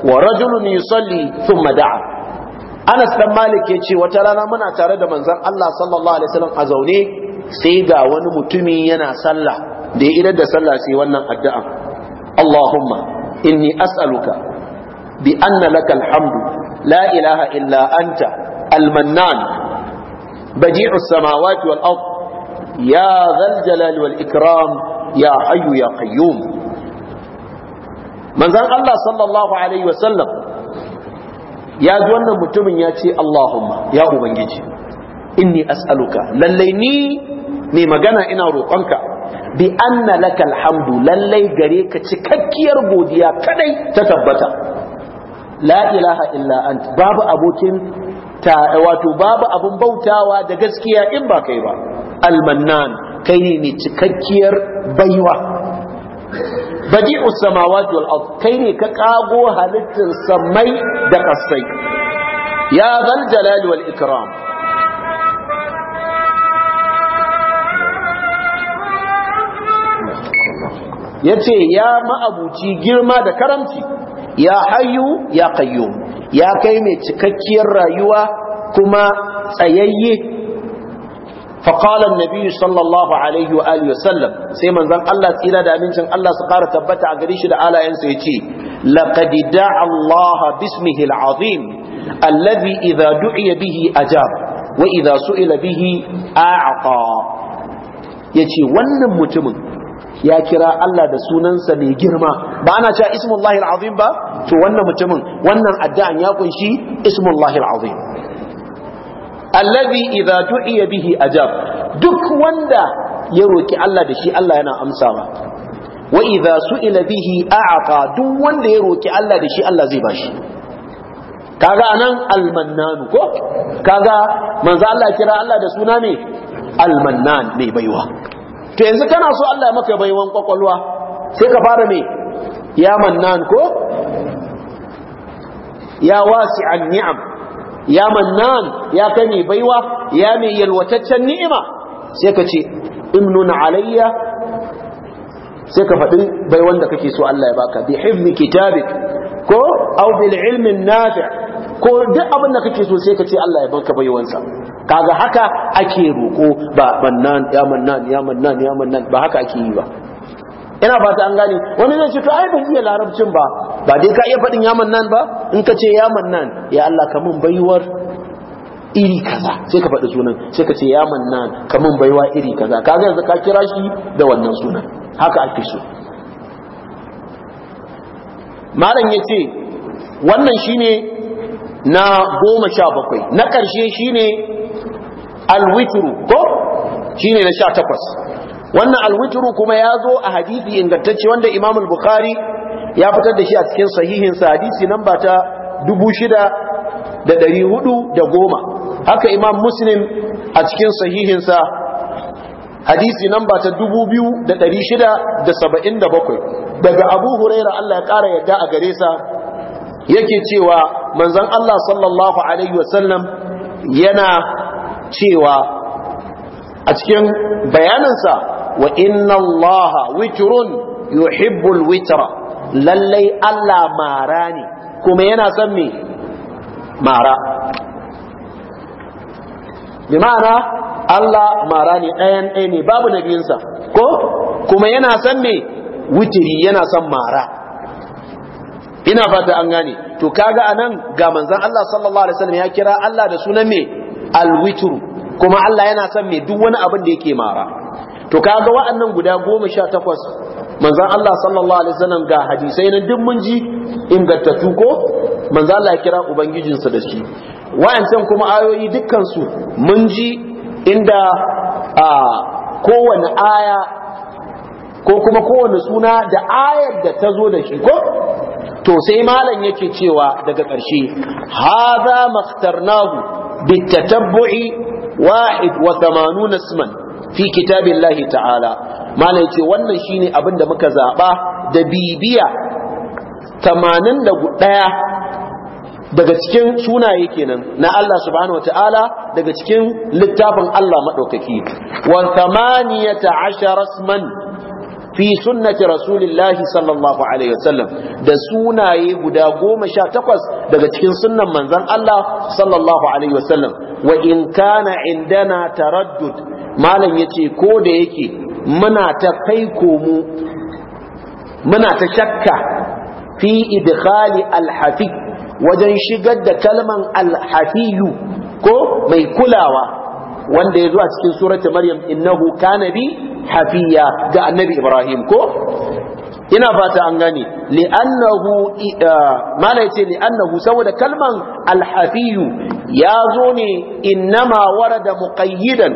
wa rajulun yusalli thumma da'a Anas dan Malik ya ce wata rana muna tare da manzon Allah sallallahu alaihi wasallam a zaune sai ga wani mutumi yana sallah da ya idar da sallah sai wannan addu'a Allahumma inni as'aluka bi anna lakal la ilaha illa anta almannan. badi'u samawati wal ard ya dhal jalali wal ikram ya hayyu ya qayyum manzon Allah sallallahu alaihi wasallam ya ji wannan mutumin ya ce Allahumma ya ubangiji inni as'aluka lallai ni mai magana ina roƙonka bi anna laka alhamdu lallai gare ka cikakkiyar godiya kadai ta tabbata la ilaha illa ant babu abokin ta wato babu abun bautawa da gaskiya in ba kai ba almannan kai ne cikakkiyar baiwa badi'u samawati wal ard kai ne ka kago halittar samai da kasai ya zal jalali wal ikram yace ya ma'abuci girma da karamci ya hayyu ya qayyum ya kai mai cikakkiyar rayuwa kuma tsayayye فقال النبي صلى الله عليه وآله وسلم سيما ذن الله سيرا دا منشن الله سقارة تبتع قريش دا آلا ينسيتي لقد دعا الله باسمه العظيم الذي إذا دعي به أجاب وإذا سئل به أعطى يتي ونم متمن ya kira Allah da sunansa mai girma ba ana cewa ismullahi al'azim ba to wannan mutumin wannan addu'an ya kunshi ismullahi al'azim allazi idza du'iya bihi ajab duk wanda ya roki Allah da shi Allah yana amsawa wa idza su'ila bihi a'ata duk wanda ya roki Allah da shi Allah zai bashi kaga anan al almannanu ko kaga manzo Allah kira Allah da suna ne almannan mai baiwa to yanzu kana so Allah ya maka baiwan kwakwalwa sai ka fara me ya mannan ko ya wasi'an ni'am ya mannan ya kai baiwa ya mai yalwataccen ni'ima sai ka ce imnun alayya sai ka faɗi baiwan da kake so Allah ya baka bi hifzi kitabik ko aw bil ilmin nafi' ko duk abin da kake so sai ka ce Allah ya baka baiwansa kaga haka ake roko ba mannan ya mannan ya mannan ya mannan ba haka ake yi ba ina fata an gane wani zai ce to ai ban iya larabcin ba ba dai ka iya faɗin yaman nan ba in ka ce yaman nan ya Allah ka mun baiwar iri kaza sai ka faɗi sunan sai ka ce yaman nan ka mun baiwa iri kaza Ka ga yanzu ka kira shi da wannan sunan haka ake so malam yace wannan shine na goma sha bakwai na ƙarshe shine alwitru ko shine na sha takwas wannan alwitru kuma ya zo a hadisi ingantacce wanda imam al-bukhari ya fitar da shi a cikin sahihin sa hadisi ba ta 6410 haka imam muslim a cikin sahihin sa hadisi namba ta 2677 daga abu huraira Allah ya kara yadda a gare sa yake cewa manzon Allah sallallahu alaihi wasallam yana cewa a cikin bayaninsa wa inna allaha witrun yuhibbul witra lallai Allah mara ne kuma yana son me mara bi ma'ana Allah mara ne ɗayan ɗaya ne babu nabiyinsa ko kuma yana son me wutiri yana son mara ina fata an gane to kaga anan ga manzon Allah sallallahu alaihi wasallam ya kira Allah da sunan me alwitru kuma Allah yana son me duk wani abin da yake mara to kaga wa'annan guda goma sha takwas manzon Allah sallallahu alaihi wasallam ga hadisai nan duk mun ji ingantattu ko manzon Allah ya kira ubangijinsa da shi wa'ancan kuma ayoyi dukkan su mun ji inda a kowane aya ko kuma kowane suna da ayar da ta zo da shi ko to sai malam yake cewa daga ƙarshe hadha makhtarnahu bitatabbu'i 81 isman fi kitabillahi ta'ala malai ce wannan shine abin da muka zaɓa da bibiya ɗaya daga cikin sunaye kenan na Allah subhanahu daga cikin littafin Allah madaukaki wa thamaniyata ashara asman fi sunnati rasulillahi sallallahu alaihi wasallam da sunaye guda goma sha takwas daga cikin sunnan manzon Allah sallallahu alaihi wasallam wa in kana indana taraddud malam ya ce ko da yake muna ta kai muna ta shakka fi idkhali alhafi wajen shigar da kalman alhafiyu ko mai kulawa wanda ya zuwa a cikin surati maryam innahu kana bi hafiya ga annabi ibrahim ko ina fata an gane li'annahu uh, mala yace li'annahu saboda kalman alhafiyu ya zo ne innama warada muqayyidan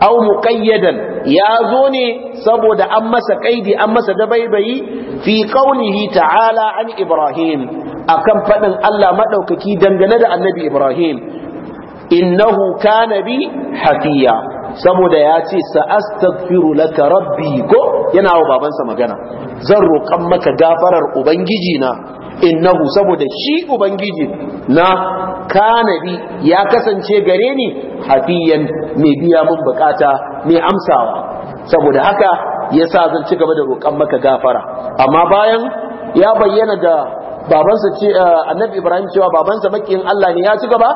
aw muqayyadan ya zo ne saboda an masa kaidi an masa dabaibayi fi ƙaunihi ta'ala an ibrahim akan fadin Allah madaukaki dangane da annabi ibrahim innahu kana bi hafiya saboda ya ce sa'astaghfiru laka rabbi ko yana wa babansa magana zan roƙan maka gafarar ubangiji na innahu saboda shi ubangiji na kanabi ya kasance gare ni hafiyan mai biya mun bukata mai amsawa saboda haka ya sa zan ci gaba da roƙon maka gafara amma bayan ya bayyana da babansa ce eh, annabi ibrahim cewa babansa makiyin Allah ne ya ci gaba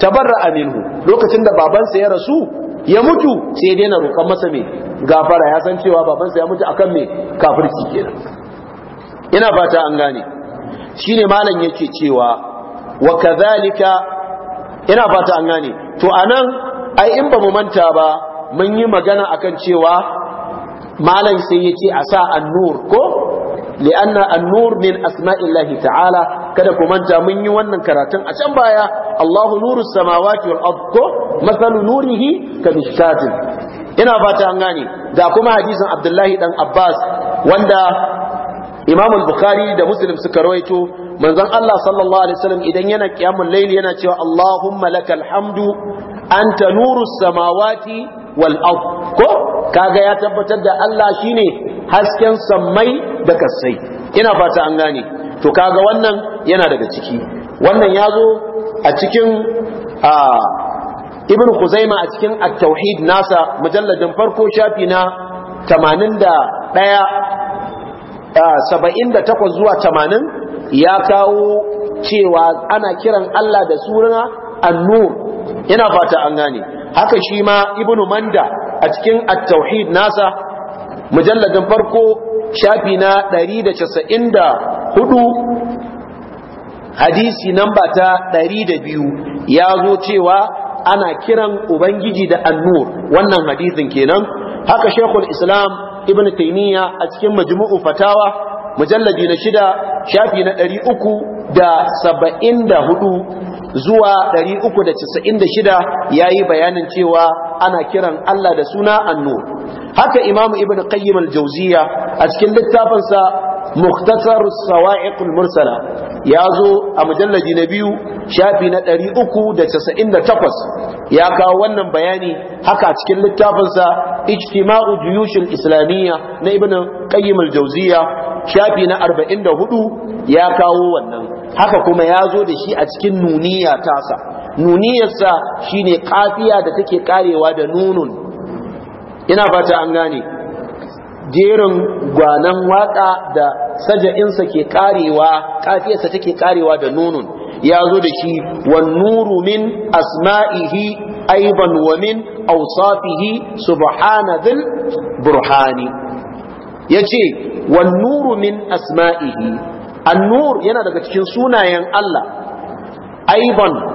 tabarra Aminu lokacin da babansa ya rasu ya mutu sai daina roƙon masa mai gafara ya san cewa babansa ya mutu akan mai kafirci kenan ina fata an gane shine malam yake cewa wa kadhalika ina fata an gane to anan ai in ba mu manta ba mun yi magana akan cewa malam sai yace asa an-nur ko li'anna an-nur min asma'illahi ta'ala kada ku manta mun yi wannan karatun a can baya Allahu nuru samawati wal ard ko masalu nurihi kamishkatin ina fata an gane ga kuma hadisin Abdullahi dan Abbas wanda Imam al-Bukhari da Muslim suka rawaito manzon Allah sallallahu alaihi wasallam idan yana qiyamul layl yana cewa Allahumma lakal hamdu anta nurus samawati wal ard ko kaga ya tabbatar da Allah shine hasken sammai da kasai ina fata an gane to kaga wannan yana daga ciki wannan yazo a cikin a Ibn Khuzaima a cikin At-Tauhid nasa mujalladin farko shafi na 81 78 zuwa tamanin, ya kawo cewa ana kiran Allah da suna annur ina fata an gane haka shi ma Ibn manda a cikin at-tauhid nasa mujalladin farko shafi na hudu, hadisi namba ta da biyu, ya zo cewa ana kiran ubangiji da annur wannan hadisin kenan haka shekul islam ibn taymiya a cikin majmu'u fatawa mujalladi na shida shafi na ɗari da saba'in da hudu zuwa ɗari uku da casa'in da shida ya bayanin cewa ana kiran Allah da suna annu haka imamu ibn qayyim al-jauziya a cikin littafinsa muktasar sawa'iqul mursala ya zo a mujallaji na biyu shafi na ɗari 398 ya kawo wannan bayani haka cikin littafinsa ijtima'u juyushul islamiyya na ibn qayyim al-jawziyya shafi na 44 ya kawo wannan haka kuma ya zo da shi a cikin nuniya tasa nuniyarsa shine kafiya da take karewa da nunun ina fata an gane jerin gwanan waka da saja'insa ke karewa kafiyarsa take karewa da nunun ya zo da shi wan nuru min asma'ihi aiban wa min awsafihi subhana burhani yace wan nuru min asma'ihi an yana daga cikin sunayen Allah aiban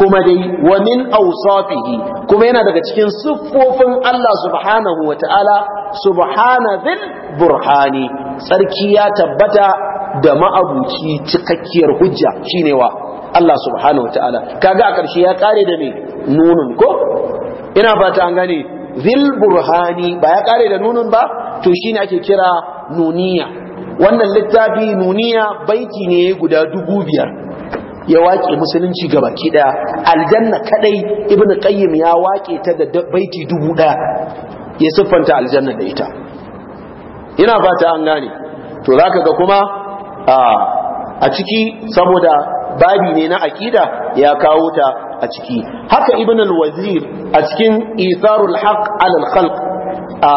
kuma dai wa min awsafihi kuma yana daga cikin siffofin Allah subhanahu wataala subhana dhil burhani sarki ya tabbata da ma'abuci cikakkiyar hujja shine wa Allah subhanahu wataala kaga a ƙarshe ya kare da me nunun ko ina fata an gane dhil burhani ba ya kare da nunun ba to shine ake kira nuniya wannan littafi nuniya baiti ne guda dubu biyar ya waƙe musulunci ga baki ɗaya aljanna kadai ibnu qayyim ya waƙe ta da baiti dubu ɗaya ya siffanta aljanna da ita ina fata an gane to zaka ga kuma a ciki saboda babi ne na aƙida ya kawo ta a ciki haka ibn al-wazir a cikin itharul haq ala al-khalq a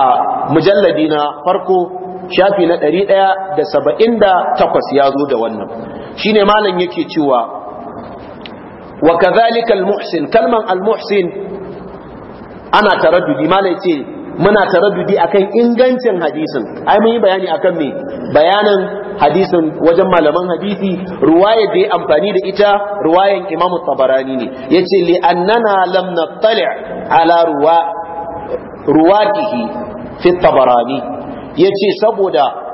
mujalladi na farko shafi na 178 ya zo da wannan Shi ne malam yake cewa wa kadhalika almuhsin kalman almuhsin ana taraddudi malam ce muna taraddudi akan ingancin hadisin ai mun yi bayani akan me bayanan hadisin wajen malaman hadisi ruwayar da ya amfani da ita ruwayan imamu tabarani ne yace li annana lam nattali ala ruwa ruwatihi fi tabarani ce saboda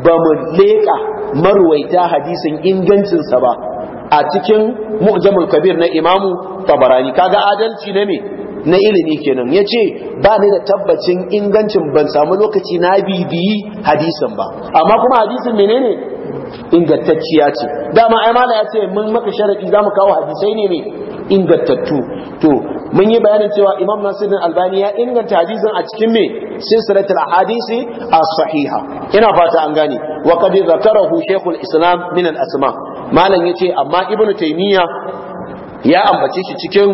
ba mu leƙa marwaita hadisin ingancinsa ba a cikin mu'jamul kabir na imamu tabarani kaga adalci na me na ilimi kenan ya ce ba ni da tabbacin ingancin ban samu lokaci na bibiyi hadisin ba amma kuma hadisin menene ingantacciya ce dama ai mala ya ce mun maka sharadi za mu kawo hadisai ne me ingantattu to mun yi bayanin cewa imam nasirin albani ya inganta hadisin a cikin me silsilatul ahadisi as-sahiha ina fata an gane wa qad zakarahu shaykhul islam min al-asma malam ce amma ibnu taimiyya ya ambace shi cikin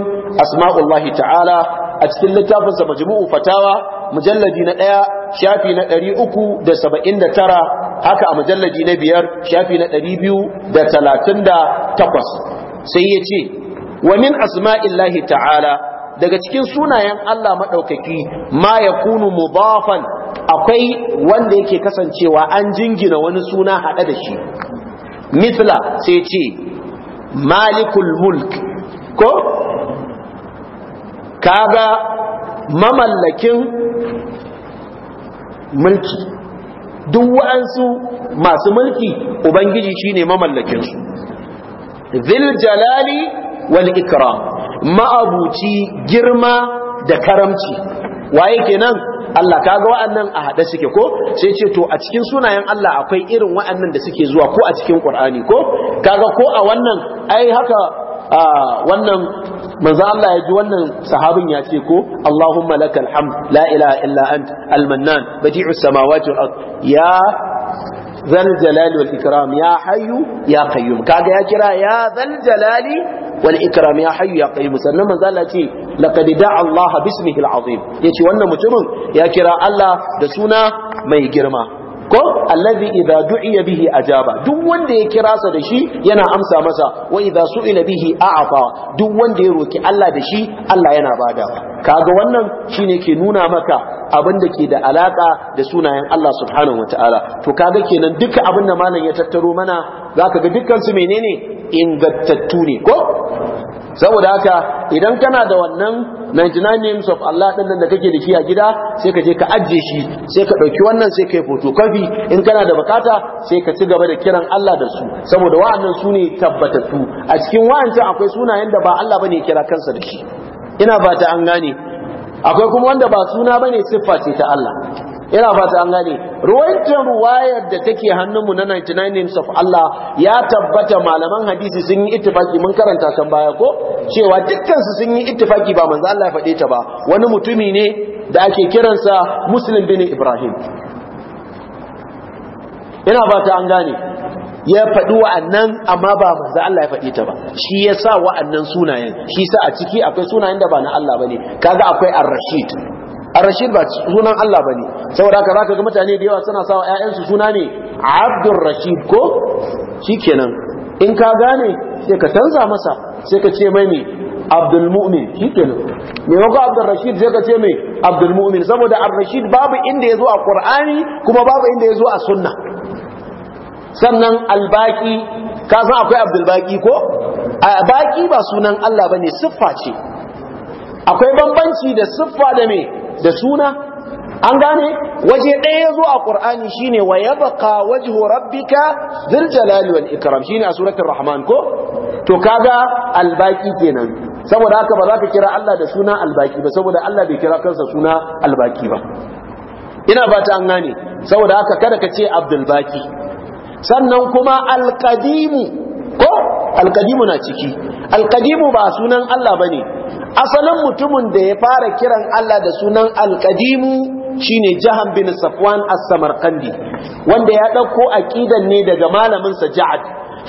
asma'ullahi ta'ala a cikin littafinsa majmu'u fatawa mujalladi na ɗaya shafi na ɗari uku da saba'in da tara haka a mujalladi na biyar shafi na ɗari biyu da talatin da takwas sai ya ce wa min asma'illahi ta'ala daga cikin sunayen Allah madaukaki ma yakunu mudafan akwai wanda yake kasancewa an jingina wani suna hada da shi mithla sai ce malikul mulk ko kaga mamallakin mulki duk wa'ansu masu mulki ubangiji shine mamallakin su zil jalali wal ikram ma'abuci girma da karamci waye kenan Allah kaga wa'annan a hada suke ko sai ce to a cikin sunayen Allah akwai irin wa'annan da suke zuwa ko a cikin Ƙur'ani ko ga ko a wannan ai haka wannan manzo Allah ya ji wannan sahabin ya ce ko Allahumma lakal hamd la ilaha illa ant al-mannan badi'us samawati wal ya zal jalali wal ikram ya hayyu ya qayyum kaga ya kira ya zal jalali Wani ikram ya hayyu ya qayyum sannan manzo Allah ce laqad da'a Allah bismihi al-azim yace wannan mutumin ya kira Allah da suna mai girma ko allazi idza du'iya bihi ajaba duk wanda ya kira sa da shi yana amsa masa wa idza su'ila bihi a'ata duk wanda ya roki Allah da shi Allah yana badawa kaga wannan shine ke nuna maka abin da ke da alaka da sunayen Allah subhanahu wataala to kaga kenan duka abin da malam ya tattaro mana zaka ga dukkan su menene ingantattu ne ko saboda haka idan kana da wannan 99 names of Allah din nan da kake da shi a gida sai ka je ka ajiye shi sai ka ɗauki wannan sai kai photocopy in kana da bukata sai ka ci gaba da kiran Allah da su saboda wa'annan su ne tabbatattu a cikin wa'ancan akwai sunayen da ba Allah bane ya kira kansa da shi ina ta an gane akwai kuma wanda ba suna bane siffa ce ta Allah ina fata an gane ruwaitar ruwayar da take hannunmu na 99 names of Allah ya tabbata malaman hadisi sun yi ittifaki mun karanta can baya ko cewa dukkan su sun yi ittifaki ba manzo Allah ya fade ta ba wani mutumi ne da ake kiransa Muslim bin Ibrahim ina fata an gane ya faɗi wa'annan amma ba manzo Allah ya faɗi ta ba shi yasa sa wa'annan sunayen shi sa a ciki akwai sunayen da ba na Allah bane kaga akwai Ar-Rashid ar-rashid ba sunan Allah bane saboda haka zaka ga mutane da yawa suna sawa ƴaƴansu suna ne abdur rashid ko shikenan in ka gane sai ka canza masa sai ka ce mai me abdul mu'min shikenan me wako abdur rashid sai ka ce mai abdul mu'min saboda ar-rashid babu inda yazo a qur'ani kuma babu inda yazo a sunna sannan al-baqi ka san akwai abdul Baqi ko al-baqi ba sunan Allah bane siffa ce akwai bambanci da siffa da me da suna an gane waje ɗaya ya zo a ƙur'ani shine wa ya baka wajhu rabbika zil jalali wal ikram shine a rahman ko to kaga albaki kenan saboda haka ba za ka kira Allah da suna albaki ba saboda Allah bai kira kansa suna albaki ba ina ba ta an gane saboda haka kada ka ce abdul baki sannan kuma alkadimu alkadimu na ciki alkadimu ba sunan Allah ba ne asalin mutumin da ya fara kiran Allah da sunan alkadimu shine jahan bin safwan as-samarkandi wanda ya ɗauko aƙidan ne daga malaminsa ja'ad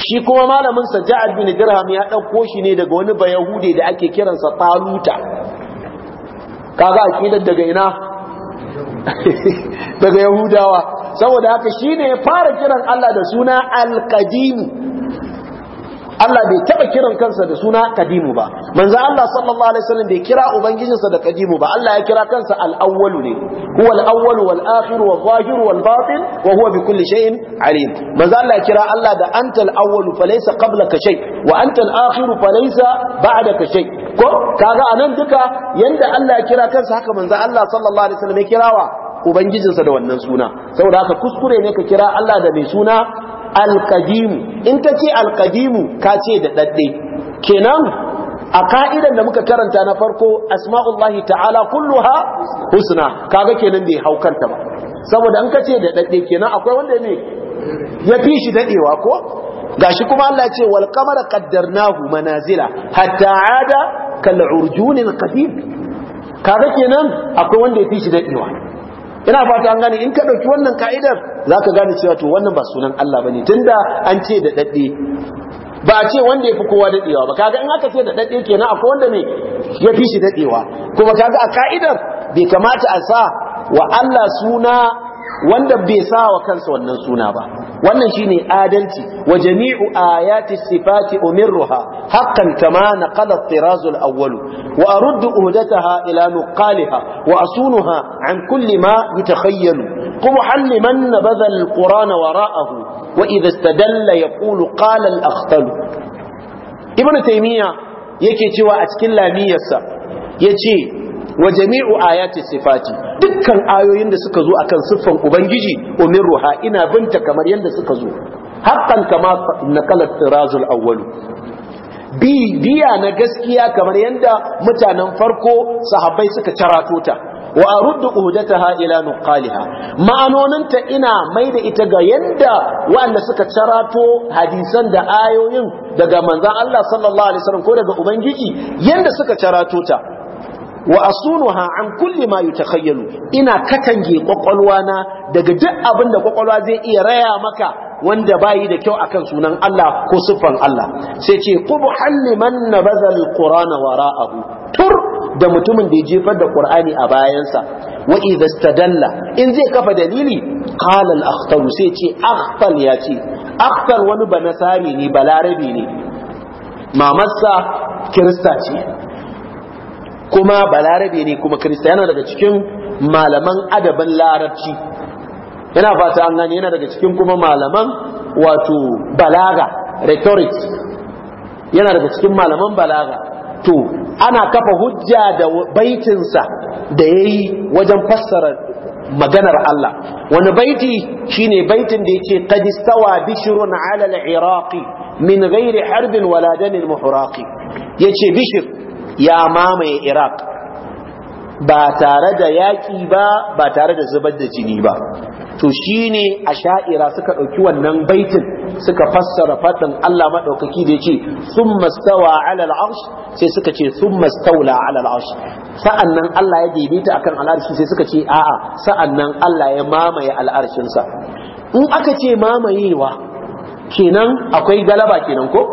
shi kuma malaminsa ja'ad bin dirham ya ɗauko shi ne daga wani bayahude da ake kiransa taluta kaga aƙidar daga ina daga yahudawa saboda haka shine ya fara kiran Allah da suna alkadimu Allah bai taba kiran kansa da suna kadimu ba manzo Allah sallallahu alaihi wasallam bai kira ubangijinsa da kadimu ba Allah ya kira kansa al-awwal ne huwa al wal'akiru, wal akhir wal zahir wal batin wa huwa bi kulli shay'in alim manzo Allah ya kira Allah da anta al-awwal falaysa qablaka shay wa anta al-akhir falaysa ba'daka shay ko kaga anan duka yanda Allah ya kira kansa haka manzo Allah sallallahu alaihi wasallam ya kirawa ubangijinsa da wannan suna saboda haka kuskure ne ka kira Allah da mai suna alƙadimu in ta ce alƙadimu ka ce da ɗaɗɗe kenan a ka'idan da muka karanta na farko asma'ullahi ta'ala kullu ha husna kaga kenan bai haukanta ba saboda an ka ce da ɗaɗɗe kenan akwai wanda ne ya fi shi daɗewa ko gashi kuma Allah ce wal qamara qaddarnahu manazila hatta ada kal urjunil qadim kaga kenan akwai wanda ya fi shi daɗewa ina fata an gane in ka ɗauki wannan ka'idar za ka gane cewa to wannan ba sunan Allah ba ne tunda an ce da daɗe ba a ce wanda ya fi kowa daɗewa ba kaga in aka ce da daɗe kenan akwai wanda ne ya fi shi daɗewa kuma kaga a ka'idar bai kamata a sa wa Allah suna wanda bai sa wa kansa wannan suna ba wannan shine adalci wa jami'u ayati sifati umirruha haqqan kama naqala tirazul tiraz al-awwal wa aruddu uhdataha ila nuqaliha wa asunuha an kulli ma yatakhayyalu qubhan liman nabadha al-qur'ana wara'ahu wa idha istadalla yaqulu qala al-akhtal ibn taymiya yake cewa a cikin lamiyarsa yace wa jami'u ayati sifati dukkan ayoyin da suka zo akan siffan ubangiji umirruha ina binta kamar yadda suka zo haqqan kama naqalat tirazul awwalu biya na gaskiya kamar yadda mutanen farko sahabbai suka carato ta wa aruddu uhdataha ila nuqaliha ma'anoninta ina maida ita ga yadda wanda suka carato hadisan da ayoyin daga manzon Allah sallallahu alaihi wasallam ko daga ubangiji yadda suka carato ta wa asunuha an kulli ma yutakhayyalu ina katange kwakwalwa na daga duk abin da kwakwalwa zai iya raya maka wanda bayi da kyau akan sunan Allah ko sifan Allah sai ce qubhan liman nabadha alqur'ana wara'ahu tur da mutumin da ya jefar da qur'ani a bayansa wa idha istadalla in zai kafa dalili qala al-akhtar sai ce akhtar ya ce akhtar wani banasari ne balarabi ne mamarsa kirista ce kuma balarabe ne kuma kirista yana daga cikin malaman adaban larabci yana fata an gani yana daga cikin kuma malaman wato balaga rhetoric yana daga cikin malaman balaga to ana kafa hujja da baitinsa da ya yi wajen fassara maganar Allah wani baiti shine baitin da yake qad istawa bishrun ala al-iraqi min ghairi harbin wala damin muhraqi yace bishr ya mamaye iraq ba tare da yaƙi ba ba tare da zubar da jini ba to shine a sha'ira suka ɗauki wannan baitin suka fassara faɗin Allah maɗaukaki da ya ce sun mastawa alal arsh sai suka ce sun mastaula alal arsh sa'an Allah ya daidaita akan al'arshi sai suka ce a'a sa'annan Allah ya mamaye al'arshinsa in aka ce mamayewa kenan akwai galaba kenan ko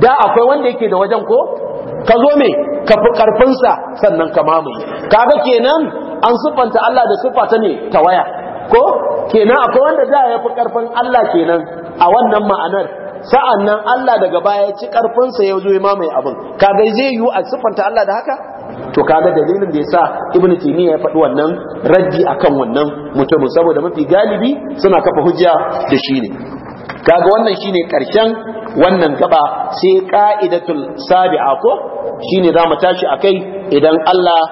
da akwai wanda yake da wajen ko ka zo me ka fi karfinsa sannan ka mamaye kaga kenan an siffanta Allah da siffa ta ne waya. ko kenan akwai wanda da ya fi karfin Allah kenan a wannan ma'anar sa'an nan Allah daga baya ya ci karfinsa ya zo ya mamaye abin kaga zai yiwu a siffanta Allah da haka to kaga dalilin da ya sa ibnu timiya ya faɗi wannan raddi akan wannan mutumin saboda mafi galibi suna kafa hujja da shi ne kaga wannan shine karshen wannan gaba sai ka'idatul sabi'a ko shine zamu tashi akai idan Allah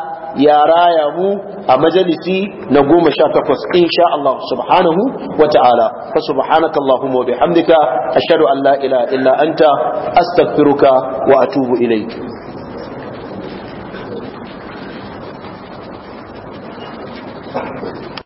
ya raya mu a majalisi na goma sha takwas insha Allah subhanahu wa ta'ala fa subhanaka Allahumma wa bihamdika ashhadu an la ilaha illa anta astaghfiruka wa atubu ilaik